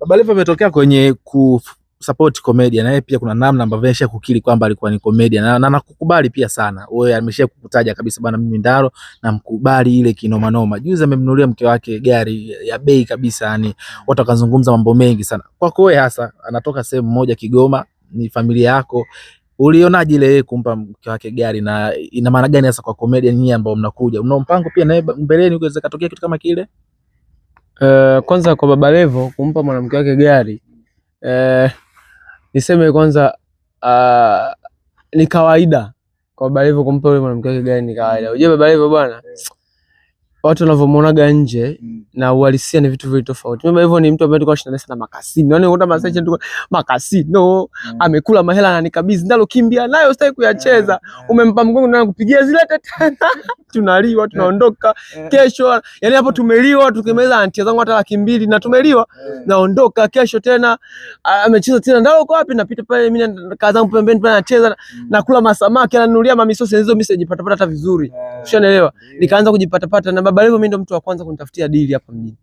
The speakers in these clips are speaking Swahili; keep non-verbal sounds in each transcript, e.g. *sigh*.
Baba Levo ametokea kwenye kusupport comedian na yeye pia kuna namna ambavyo amesha kukiri kwamba alikuwa ni comedian na nakukubali pia sana wewe, amesha kukutaja kabisa bana, mimi Ndaro namkubali ile kinoma noma. Juzi amemnunulia mke wake gari ya bei kabisa, yani watu wakazungumza mambo mengi sana kwako wewe, hasa anatoka sehemu moja Kigoma, ni familia yako Ulionaje ile yeye kumpa mke wake gari na ina maana gani hasa kwa comedian nyinyi ambao mnakuja? Mna mpango pia naye mbeleni ukiweza katokea kitu kama kile? Uh, kwanza kwa Baba Levo kumpa mwanamke wake gari uh, niseme kwanza uh, ni kawaida kwa Baba Levo kumpa yule mwanamke wake gari ni kawaida. Unajua Baba Levo bwana watu wanavyomuonaga nje mm. na uhalisia ni vitu vile tofauti. Mimi hivyo ni mtu ambaye tulikuwa tunashinda sana makasino. Yaani unaona masaa yetu makasino, mm. amekula mahela na nikabizi ndalo kimbia nayo sitaki kuyacheza. Eh, eh. Umempa mgongo na kupigia zile tena. *laughs* Tunaliwa, eh. tunaondoka kesho. Yaani hapo tumeliwa, tukimeza anti zangu hata laki mbili na tumeliwa. Naondoka kesho tena ah, amecheza tena ndalo uko wapi napita pale mimi kaza zangu pembeni pale anacheza na mm. kula masamaki ananunulia mamisosi hizo mimi sijipata pata hata vizuri. Ushanielewa? Nikaanza kujipata pata na baba levo mimi ndo mtu wa kwanza kunitafutia deal hapa mjini.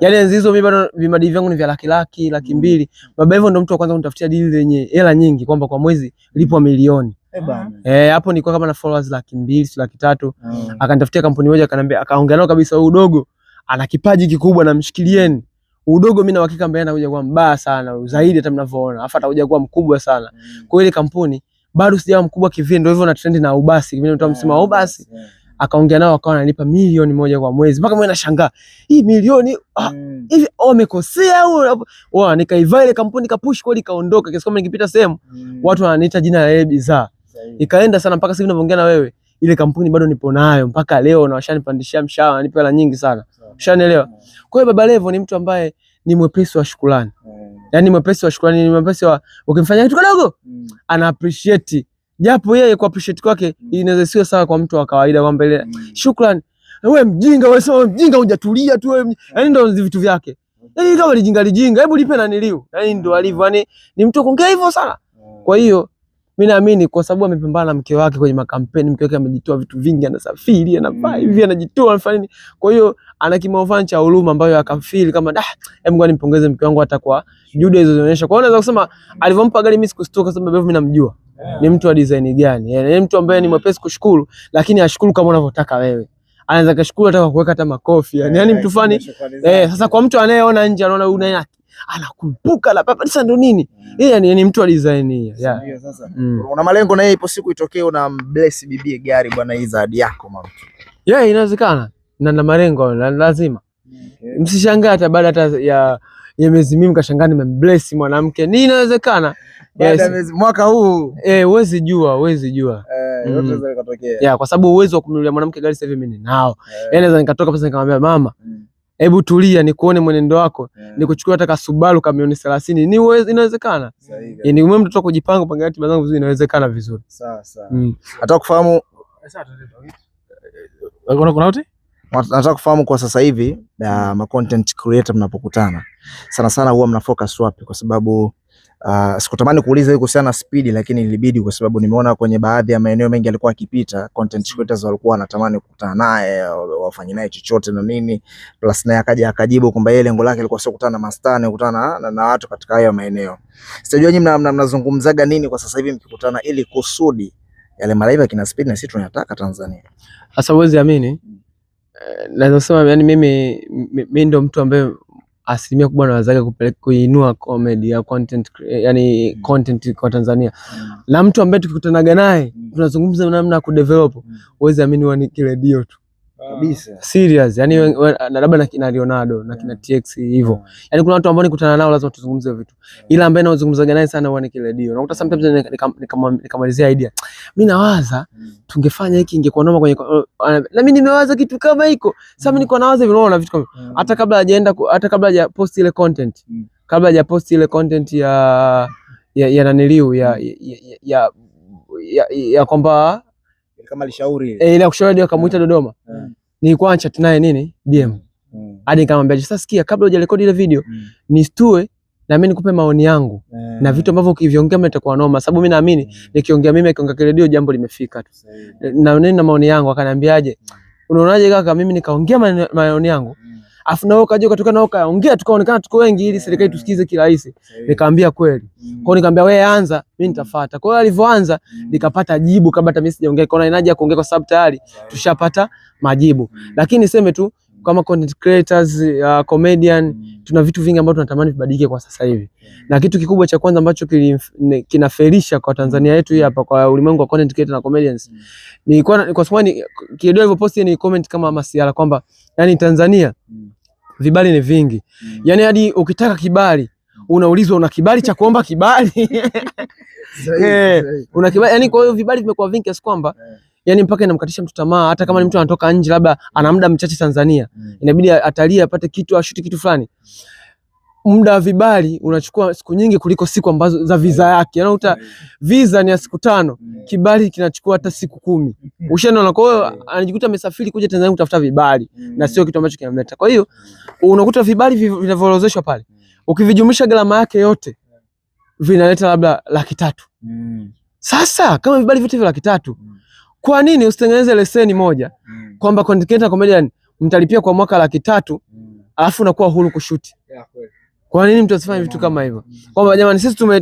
Yaani enzi hizo mimi bado vimadi vyangu ni vya laki laki, laki mm. mbili. Baba hivyo ndo mtu wa kwanza kunitafutia deal lenye hela nyingi kwamba kwa mwezi lipo milioni. Eh, eh hapo nilikuwa kama na followers laki mbili, laki tatu. Mm. Akanitafutia kampuni moja akaniambia akaongea nao kabisa huyu dogo ana kipaji kikubwa na mshikilieni. Udogo mimi na uhakika mbele anakuja kuwa mbaya sana zaidi hata mnavyoona. Afa atakuja kuwa mkubwa sana. Mm. Kwa ile kampuni bado sijawa mkubwa kivile, ndio hivyo na trend na ubasi. Mimi natoa msema eh, ubasi. Yeah akaongea nao akawa ananipa milioni moja kwa mwezi, mpaka mimi nashangaa hii milioni hivi ah, mm. wamekosea oh, au wao? nikaivaa ile kampuni kapush kodi kaondoka, kiasi kwamba nikipita sehemu mm. watu wananiita jina la ile bidhaa, ikaenda sana mpaka sasa ninavyoongea na wewe, ile kampuni bado nipo nayo mpaka leo, na washanipandishia mshahara, wananipa hela nyingi sana, ushanielewa? Mm. Kwa hiyo Baba Levo ni mtu ambaye ni mwepesi wa shukrani mm. yani mwepesi wa shukrani, ni mwepesi wa ukimfanyia kitu kidogo mm. ana appreciate japo yeye kwa appreciate kwake mm. inaweza sio sawa kwa mtu wa kawaida, kwamba ile mm. shukrani, wewe mjinga, wewe sio mjinga, hujatulia tu wewe. Yani ndio vitu vyake, mm. yani kama lijinga lijinga, hebu lipe na niliu. Yani ndio alivyo, yani ni mtu kuongea hivyo sana, kwa hiyo mi naamini kwa sababu amepambana na mke wake kwenye makampeni, mke wake amejitoa vitu vingi, anasafiri, anafaa hivi, mm. anajitoa, anafanya nini. Kwa hiyo ana kimo cha huruma ambayo akafeel kama da, ah, hebu ngoja nimpongeze mke wangu hata kwa juhudi alizoonyesha. Kwa hiyo naweza kusema alivyompa gari mimi sikustuka, sababu mimi namjua ni mtu wa design gani, yaani, ni mtu ambaye ni mwepesi kushukuru, lakini ashukuru kama unavyotaka wewe anaweza kashukuru hata kwa kuweka hata makofi yani, yani mtu fulani eh. Sasa kwa mtu anayeona nje anaona anakumbuka la papa. Sasa ndo nini? Mm. Yeye ni ni mtu alizaini. yeah. sasa. Mm. Una malengo na yeye, ipo siku itokee una bless bibie gari bwana, hii zawadi yako mama. Yeye inawezekana na na malengo lazima. Msishangaa hata baada hata ya ya miezi mimi mkashangaa nimembless mwanamke. Ni inawezekana. Yes. Mwaka huu eh, huwezi jua, huwezi jua. Eh, mm. yote zaweza kutokea. Yeah, kwa sababu uwezo wa kumnunulia mwanamke gari sasa hivi mimi ninao. Eh. Yeye yaani naweza nikatoka pesa nikamwambia mama, mm hebu tulia nikuone mwenendo wako yeah. Nikuchukua hata Subaru kamioni 30 ni inawezekana. Yaani wewe mtoto kujipanga panga ratiba zangu vizuri inawezekana vizuri. Mm. Eh, Nataka kufahamu kwa sasa hivi na uh, ma content creator mnapokutana sana sana huwa mnafocus wapi kwa sababu Uh, sikutamani kuuliza hiyo kuhusiana na spidi, lakini ilibidi kwa sababu nimeona kwenye baadhi ya maeneo mengi alikuwa akipita, content mm. creators walikuwa wanatamani kukutana naye wafanye naye chochote na nini, plus naye akaja akajibu kwamba yeye lengo lake ilikuwa sio kukutana na mastani, kukutana na, na watu katika hayo maeneo. Sijui nyinyi mna, mna, mnazungumzaga nini kwa sasa hivi mkikutana ili kusudi yale malaika kina speed na sisi tunayataka Tanzania. Sasa uwezi amini, mm. eh, naweza kusema yani mimi mimi ndo mtu ambaye asilimia kubwa na wazake kupeleka kuinua comedy ya content, eh, yani mm. content kwa Tanzania mm. na mtu ambaye tukikutanaga naye mm. tunazungumza namna ya kudevelop, uwezi amini wani kiredio tu kabisa ah. serious, yani mm. labda na Leonardo na kina TX hivyo, mm. yani kuna watu ambao nikutana nao lazima tuzungumze vitu, ila ambaye nazungumzaga naye sana huwa ni kile Dio. Nakuta mm. sometimes nikamalizia idea, mimi nawaza tungefanya hiki, ingekuwa noma kwenye, uh, uh, na mimi nimewaza kitu kama hiko. Sasa mimi niko nawaza vile, unaona vitu kama hata kabla hajaenda, hata kabla hajapost ile content, kabla hajapost ile content ya ya naniliu ya ya ya kwamba kama alishauri eh, ile ile kushauri ndio akamuita Dodoma, nilikuwa na chat naye nini DM mm. hadi nikamwambia, sasa sikia, kabla hujarekodi ile video mm. nishtue na mimi nikupe maoni yangu yeah. na vitu ambavyo ukiviongea mimi nitakuwa noma, sababu mimi naamini mm. nikiongea mimi akiongea kile redio jambo limefika tu na nini na maoni yangu, akaniambiaje, unaonaje kaka, mimi nikaongea maoni yangu yeah afu nao kaja katoka nao kaongea, tukaonekana tuko wengi, ili serikali tusikize kirahisi. Nikamwambia kweli mm. Kwa nikamwambia wewe anza, mimi nitafuata. Kwa hiyo alivyoanza mm. nikapata jibu kabla hata mimi sijaongea, kwa nini naje kuongea, kwa sababu tayari tushapata majibu. Mm. Lakini niseme tu kama content creators, uh, comedian tuna vitu vingi ambavyo tunatamani vibadilike kwa sasa hivi, na kitu kikubwa cha kwanza ambacho kinaferisha kwa Tanzania yetu hii hapa, kwa ulimwengu wa content creators na comedians, ni kwa sababu ni kidogo hivyo post ni comment kama masiala kwamba yani Tanzania vibali ni vingi mm. Yaani hadi ukitaka kibali unaulizwa una kibali cha kuomba kibali *laughs* *laughs* eh, una kibali yani. Kwa hiyo vibali vimekuwa vingi kiasi kwamba eh. yani mpaka inamkatisha mtu tamaa. Hata kama ni mtu anatoka nje, labda ana muda mchache Tanzania, mm. inabidi atalie apate kitu ashuti kitu fulani mm muda wa vibali unachukua siku nyingi kuliko siku ambazo za viza eh. yake. Yaani uta eh. visa ni ya siku tano, eh. kibali kinachukua hata siku kumi. Ushaona, kwa hiyo anajikuta amesafiri kuja Tanzania kutafuta vibali na sio kitu ambacho kinamleta. Kwa hiyo unakuta vibali vinavyoorodheshwa pale. Ukivijumlisha gharama yake yote vinaleta labda laki tatu. Sasa kama vibali vyote vya laki tatu, kwa nini usitengeneze leseni moja kwamba content creator comedian mtalipia kwa mwaka laki tatu alafu unakuwa huru kushuti? Yeah, kwa nini mtu asifanye vitu kama hivyo? Kwamba jamani sisi tume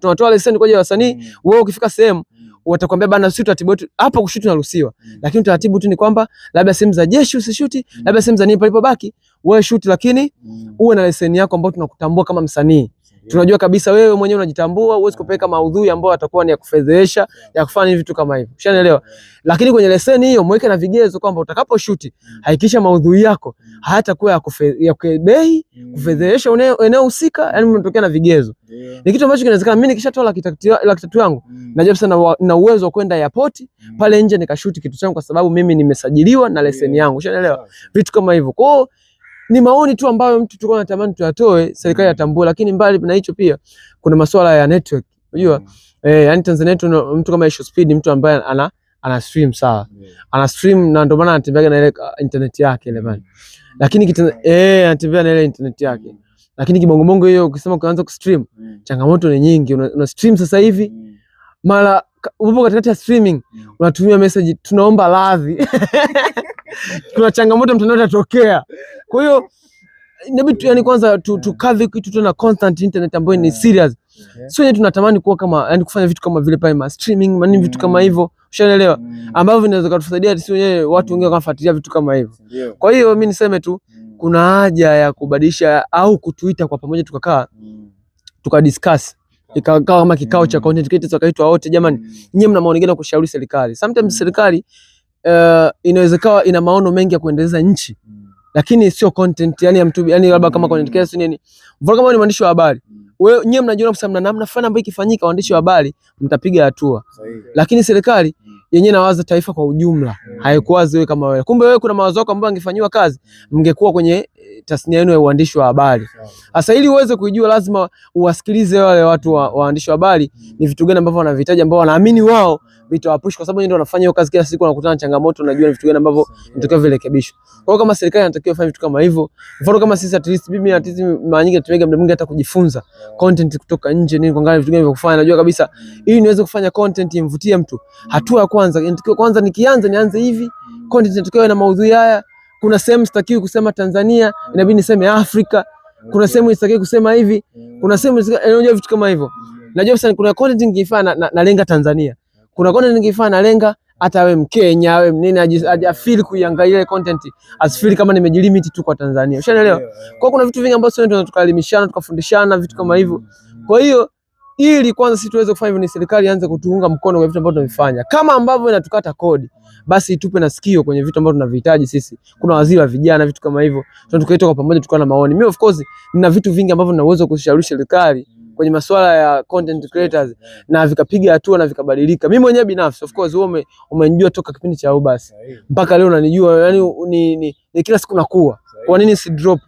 tunatoa leseni kwa ajili ya wasanii, mm. wewe ukifika sehemu watakwambia bana sisi utaratibu wetu hapo kushuti unaruhusiwa. Mm. Lakini utaratibu tu ni kwamba labda sehemu za jeshi usishuti, mm. labda sehemu za nini palipobaki, wewe shuti lakini uwe na leseni yako ambayo tunakutambua kama msanii. Tunajua kabisa wewe mwenyewe unajitambua, huwezi kupeleka maudhui ambayo atakuwa ni ya kufedhesha, ya kufanya vitu kama hivyo. Ushaelewa? Lakini kwenye leseni hiyo mweke na vigezo kwamba utakaposhuti hakikisha maudhui yako hayatakuwa ya kufedhesha, kufedhesha, kufedhesha eneo husika, yani mmetokea na vigezo. Ni kitu ambacho kinawezekana mimi nikishatoa laki tatu yangu, mm. najua sana na uwezo wa kwenda airport mm. pale nje nikashuti kitu changu kwa sababu mimi nimesajiliwa na leseni yangu. Ushaelewa? Vitu kama hivyo. kwao ni maoni tu ambayo mtu tulikuwa anatamani tuyatoe, serikali mm. yatambue. Lakini mbali na hicho, pia kuna masuala ya network, unajua mm. Eh, yani Tanzania yetu mtu kama Isho Speed, ni mtu ambaye ana ana stream sawa, ana stream na ndio maana anatembea na ile uh, internet yake ile bana, mm. lakini kitu eh anatembea na ile internet yake, mm. lakini kibongo bongo hiyo, ukisema kuanza ukaanza kustream, changamoto ni nyingi. Una, una stream sasa hivi mara upo katikati ya streaming mm. unatumia message, tunaomba radhi, *laughs* kuna changamoto mtandao tatokea. Kwa hiyo inabidi yani, kwanza tukadhi mm. kitu tuna constant internet ambayo ni mm. serious, Okay. sio yetu tunatamani kuwa kama yani kufanya vitu kama vile pale ma streaming manini vitu kama hivyo, ushaelewa, ambavyo vinaweza kutusaidia sio yeye, watu wengine wakafuatilia vitu kama hivyo. Kwa hiyo mimi niseme tu kuna haja ya kubadilisha au kutuita kwa pamoja, tukakaa tukadiscuss ikakaa kama kikao cha mm. content creators wakaitwa wote, jamani, mm. nyinyi mna maoni gani kushauri serikali? Sometimes mm. serikali uh, eh, inawezekana ina maono mengi ya kuendeleza nchi lakini sio content yani ya mtu yani labda kama content creator nini, mbona kama ni mwandishi wa habari wewe nyinyi mnajiona kwa sababu mna namna fulani ambayo ikifanyika waandishi wa habari mtapiga hatua, lakini serikali mm yenyewe nawaza taifa kwa ujumla, hmm. haikuwa wewe kama wewe. Kumbe wewe kuna mawazo yako ambayo angefanyiwa kazi, mngekuwa kwenye eh, tasnia yenu ya uandishi wa habari. Sasa ili uweze kuijua, lazima uwasikilize wale watu wa waandishi wa habari, hmm. ni vitu gani ambavyo wanavihitaji, ambao wanaamini wao itawapush kwa sababu ndio wanafanya hiyo kazi kila siku, wanakutana changamoto, najua ni vitu gani ambavyo nitakiwa virekebishwe. Kwa hiyo kama serikali inatakiwa ifanye vitu kama hivyo, mfano kama sisi at least, mimi at least mara nyingi natumia muda mwingi hata kujifunza content kutoka nje, nini kuangalia vitu gani vya kufanya. Najua kabisa mm. ili niweze kufanya content imvutie mtu, mm. hatua ya kwanza inatakiwa kwanza, nikianza nianze hivi, mm. content inatakiwa na maudhui haya. Kuna sehemu sitakiwi kusema Tanzania, inabidi niseme Afrika. Kuna sehemu sitakiwi kusema hivi, kuna sehemu, eh, unajua vitu kama hivyo. Najua sasa kuna content ningefanya na, na, na lenga Tanzania kuna content nikifanya nalenga hata awe Mkenya awe mnene ajafeel kuiangalia ile content, asifeel kama nimejilimit tu kwa Tanzania. Ushaelewa? Kwa kuna vitu vingi ambavyo tunaweza tukaelimishana, tukafundishana vitu kama hivyo. Kwa hiyo ili kwanza sisi tuweze kufanya hivyo, ni serikali ianze kutuunga mkono kwa vitu ambavyo tunavifanya. Kama ambavyo inatukata kodi, basi itupe na sikio kwenye vitu ambavyo tunavihitaji sisi. Kuna waziri wa vijana, vitu kama hivyo, tunatukaitwa kwa pamoja, tukawa na maoni. Mimi of course nina vitu vingi ambavyo uwezo kushauri serikali kwenye masuala ya content creators na vikapiga hatua na vikabadilika. Mimi mwenyewe binafsi of course wewe umenijua toka kipindi cha Ubasi mpaka leo unanijua, yani ni, ni, ni kila siku nakuwa. Kwa nini si drop?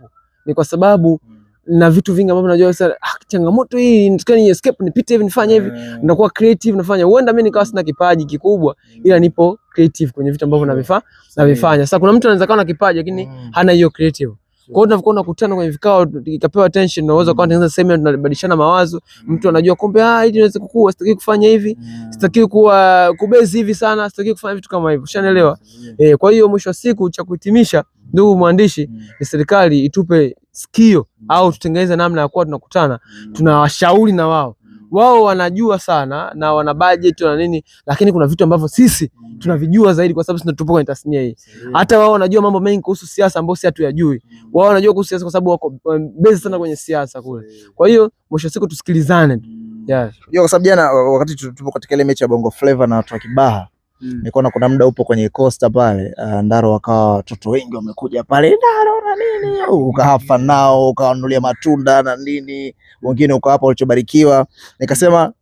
Ni kwa sababu mm. na vitu vingi ambavyo najua sasa, ah, changamoto hii nitakuwa ni escape, nipite hivi, nifanye hivi, ninakuwa creative, nafanya. Huenda mimi nikawa mm. sina kipaji kikubwa, mm. ila nipo creative kwenye vitu ambavyo navifanya. Sasa kuna mtu anaweza kuwa na kipaji lakini hana hiyo creative kwa hiyo tunapokuwa tunakutana kwenye vikao ikapewa attention, unaweza kwa mm. kuanza sema tunabadilishana mawazo, mm. mtu anajua kumbe, ah, hili inaweza kukua, sitaki kufanya hivi, mm. sitaki kuwa kubezi hivi sana, sitaki kufanya vitu kama hivyo, ushanielewa? Eh, kwa hiyo mwisho wa siku cha kuhitimisha, ndugu mwandishi, ni serikali itupe sikio au tutengeneze namna ya kuwa tunakutana tunawashauri na wao wao wanajua sana na wana budget na nini, lakini kuna vitu ambavyo sisi mm. tunavijua zaidi, kwa sababu sisi tupo kwenye tasnia hii. Hata wao wanajua mambo mengi kuhusu siasa ambayo sisi hatuyajui. Mm. Wao wanajua kuhusu siasa kwa sababu wako eh, base sana kwenye siasa kule. Kwa hiyo mwisho siku tusikilizane. Mm. Yeah. Yo, kwa sababu jana wakati tupo katika ile mechi ya Bongo Flava na watu wa Kibaha Mm. Nikaona kuna muda upo kwenye Costa pale uh, Ndaro wakawa watoto wengi wamekuja pale Ndaro na nini, ukahafa nao ukawanunulia matunda na nini, wengine ukawapa ulichobarikiwa. Nikasema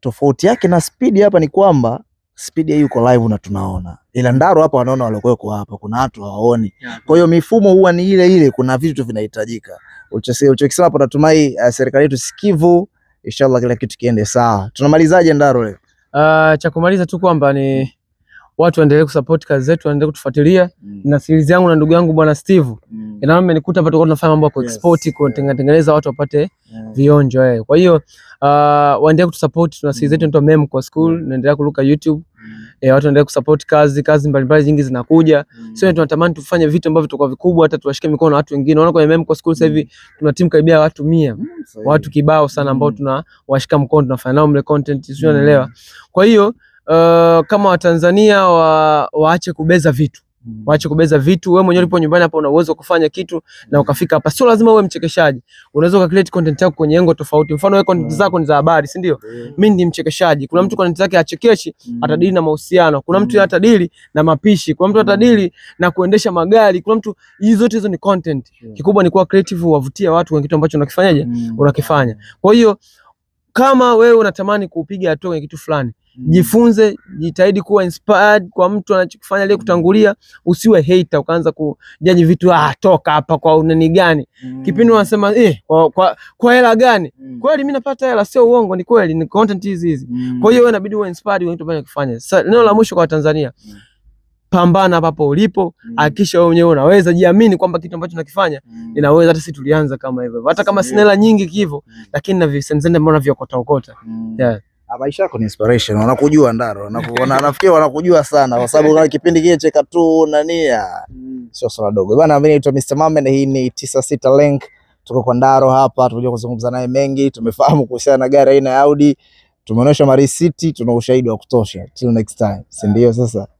tofauti yake na spidi hapa ni kwamba spidi hii uko live na tunaona, ila Ndaro hapa wanaona waliokuwa hapa, kuna watu hawaoni. Kwa hiyo mifumo huwa ni ile ile, kuna vitu vinahitajika. Ulichokisema hapo, natumai uh, serikali yetu sikivu, inshallah kila kitu kiende sawa. Tunamalizaje Ndaro leo? Uh, cha kumaliza tu kwamba ni watu waendelee kusupport kazi zetu, waendelee kutufuatilia mm. na series yangu na ndugu yangu bwana Steve mm. inaona maana hapa, tulikuwa tunafanya mambo ya kuexport yes, kutengeneza watu wapate yeah. vionjo eh. Kwa hiyo uh, waendelee kutusupport, tuna series mm. yetu inaitwa Mem kwa School, mm. naendelea kuruka YouTube e, watu wanaendelea kusupport kazi, kazi mbalimbali nyingi zinakuja. Mm. Sio tunatamani tufanye vitu ambavyo tutakuwa vikubwa, hata tuwashike mikono na watu wengine. Unaona kwenye MM kwa school sasa hivi mm. tuna timu karibia watu 100. Mm, watu kibao sana mm. ambao tunawashika mkono tunafanya nao mle content, sio mm. unaelewa. Kwa hiyo uh, kama Watanzania wa, waache kubeza vitu Mm. Waache kubeza vitu. Wewe mwenyewe ulipo nyumbani hapa una uwezo kufanya kitu na ukafika hapa. Sio lazima uwe mchekeshaji. Unaweza uka create content yako kwenye engo tofauti. Mfano wewe content mm. zako ni za habari, si ndio? Mimi eh. ni mchekeshaji. Kuna mtu content zake achekeshi, mm. atadili na mahusiano. Kuna mtu atadili na mapishi. Kuna mtu atadili na kuendesha magari. Kuna mtu hizo zote hizo ni content. Kikubwa ni kuwa creative, uwavutie watu kwenye kitu ambacho unakifanyaje? Unakifanya. Kwa hiyo kama wewe unatamani kupiga hatua kwenye kitu fulani, Mm. Jifunze, jitahidi kuwa inspired kwa mtu anachokifanya ile mm. kutangulia, usiwe hater ukaanza kujaji vitu ah, toka hapa kwa unani gani. Mm. Kipindi unasema eh, kwa kwa, kwa hela gani? Mm. Kweli mimi napata hela, sio uongo, ni kweli, ni content hizi hizi. Mm. Kwa hiyo wewe inabidi uwe inspired kwa kitu unachokifanya. Sasa neno la mwisho kwa Tanzania. Mm. Pambana hapo ulipo, mm. hakikisha mm. wewe mwenyewe unaweza jiamini kwamba kitu ambacho unakifanya mm. inaweza. Hata sisi tulianza kama hivyo, hata kama sina hela nyingi kivyo mm. lakini na visenzende mbona vya kokota mm. Yeah. Ah, maisha yako ni inspiration, wanakujua Ndaro, nafikiri wanakujua sana kwa sababu kuna kipindi kile cheka tu nania, mm. sio swala dogo bana. Mimi naitwa Mr. Mamen, hii ni tisa sita Link, tuko kwa Ndaro hapa, tumekuja kuzungumza naye mengi, tumefahamu kuhusiana na gari aina ya Audi, tumeonyesha marisiti, tuna ushahidi wa kutosha. Till next time, si ah. ndio? Sasa